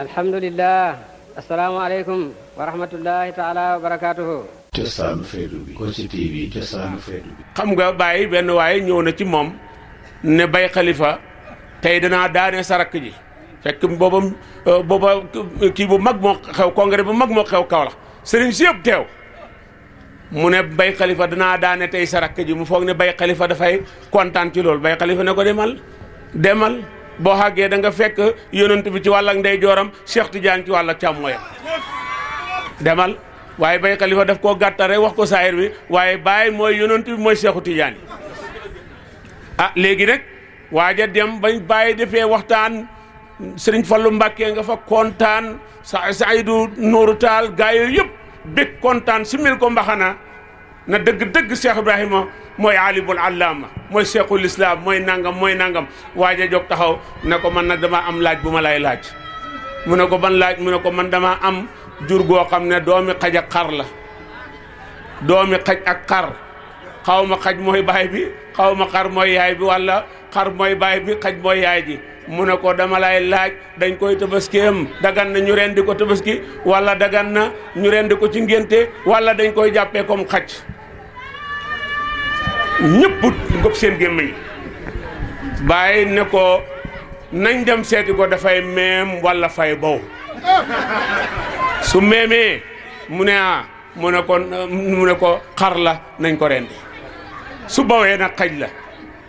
الحمد لله السلام عليكم ورحمة الله تعالى وبركاته جسام فيلوبي كوسي تي في جسام فيلوبي خم غا باي بن واي نيونا تي موم ني باي خليفه تاي دنا داني سارك جي فك بوبم بوبا كي بو ماغ مو خاو كونغري بو ماغ مو خاو كاولا سيرين جيب تيو mu ne bay khalifa dana daane tey sa rakk ji mu foog ne bay khalifa dafay kontaan ci boo xàggee danga fekk yonent bi ci wàllak ndeyjooram Cheikh Tidiane ci wàllak càmmooyam demal waaye bay xalifa daf koo gàttal rek wax ko saayir bi waaye baay mooy yonent bi mooy Cheikhu Tidiane ah léegi nag waaja dem ba bàyyi defee waxtaan sëriñ Fallu Mbàkke nga fa kontaan sa Saydu nooru Taal gaa yooyu yëpp bég kontaan si mil ko mbaxana na dëgg-dëgg Cheikh Ibrahima mooy aalimul allaama mooy cheikhul islam mooy nangam mooy nangam waaja jóg taxaw ne ko man nag dama am laaj bu ma lay laaj mu ne ko ban laaj mu ne ko man damaa am jur goo xam ne doomi xaj ak xar la doomi xaj ak xar xaw ma xaj mooy baay bi xawma xar mooy yaay bi walla xar mooy baay bi xaj mooy yaay ji mu ne ko dama lay laaj dañ koy tabaskeem dagan na ñu rendi ko tabaski walla dagan na ñu rendi ko ci ngénte walla dañ koy jàppee comme xaj ñëpp ngëb seen gémmiñ bàyyi ne ko nañ dem seeti ko dafay meem walla fay bow su meemee mu ne ah mu ne ko mu ne ko xar la nañ ko rendi su bawee nag xaj la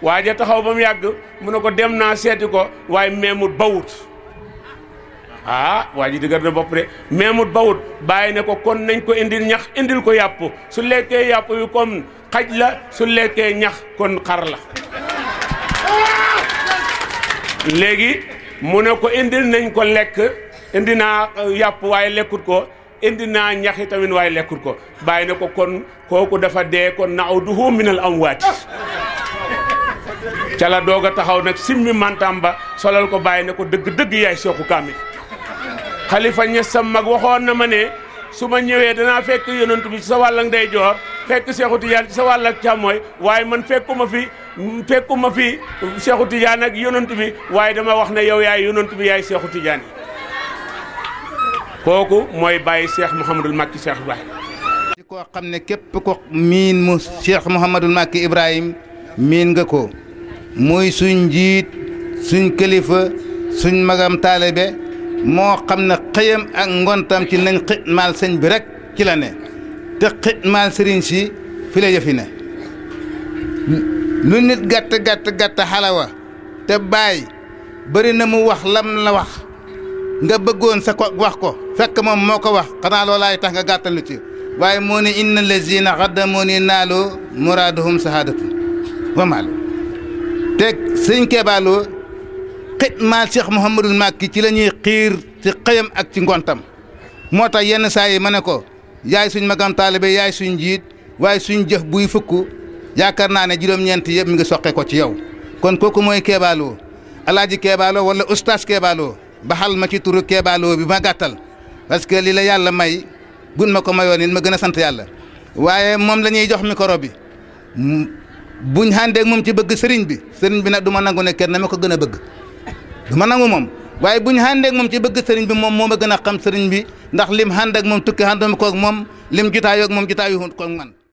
waaja taxaw ba mu yàgg mu ne ko dem naa seeti ko waaye meemut bawut ah waa ji dëgër na bopp de meemut bawut bàyyi ne ko kon nañ ko indil ñax indil ko yàpp su lekkee yàpp yu comme xaj la su lekkee ñax kon xar la léegi mu ne ko indil nañ ko lek indi euh, yap way lekut ko indi ñaxi tamit waaye ko bayina ko kon koku dafa dee kon nauduhu min al amwat ci la doga taxaw nak simmi mantam ba solal ko bayina ko deug deug yaay seexu kamil khalifa ñe sam mag waxon na mané suma ñewé dana fekk yonentou bi sa walang day jor fekk Cheikhou Tidiane ci sa wàll ak càmmooy waaye man fekkuma fi fekkuma fi Cheikhou Tidiane ak yonent bi waaye dama wax ne yow yaay yonent bi yaay Cheikhou Tidiane kooku mooy bàyyi Cheikh Mouhamadul Makki Cheikh xam ne képp ko miin mu Cheikh Mouhamadul Ibrahim miin nga ko muy suñ njiit suñ kilifa suñ magam taalibe moo xam ne xëyam ak ngontam ci nañ xitmaal sëñ bi rek ci la ne. te xitmaal sëriñ si fi la yëfi ne lu nit gàtt gàtt gàtt xalawa te bàyyi bëri na mu wax lam la wax nga bëggoon sa ko wax ko fekk moom moo ko wax xanaa loolaay tax nga gàttal lu ci waaye moo ne inna lazina xaddamoo ni naaloo muraaduhum sahaadatu wa maalo te sëñ keebaaloo xitmaal Cheikh Mouhamadul Makki ci la ñuy xiir ci xëyam ak ci ngontam moo tax yenn saa yi ma ne ko yaay suñ magan talibé yaay suñ jiit way suñ jëf buy fukk yaakar naa ne juróom ñent yëpp mi ngi soqe ko ci yow kon kooku mooy keebaaloo alaaji keebaaloo wala ustaas keebaaloo baxal ma ci turu keebaaloo bi ma gàttal parce que li la yàlla may bun ma ko mayoon it ma gën a sant yàlla waaye moom la ñuy jox micro bi buñ xàndeeg moom ci bëgg sëriñ bi sëriñ bi nag du ma nangu ne kenn na ma ko gën a bëgg du ma nangu moom waaye bu ñu xàndeek moom ci bëgg sëriñ bi moom moo ma gën a xam sëriñ bi ndax lim xànd ak moom tukki xànduma koog moom lim jitaayoo ak moom jitaayu koog man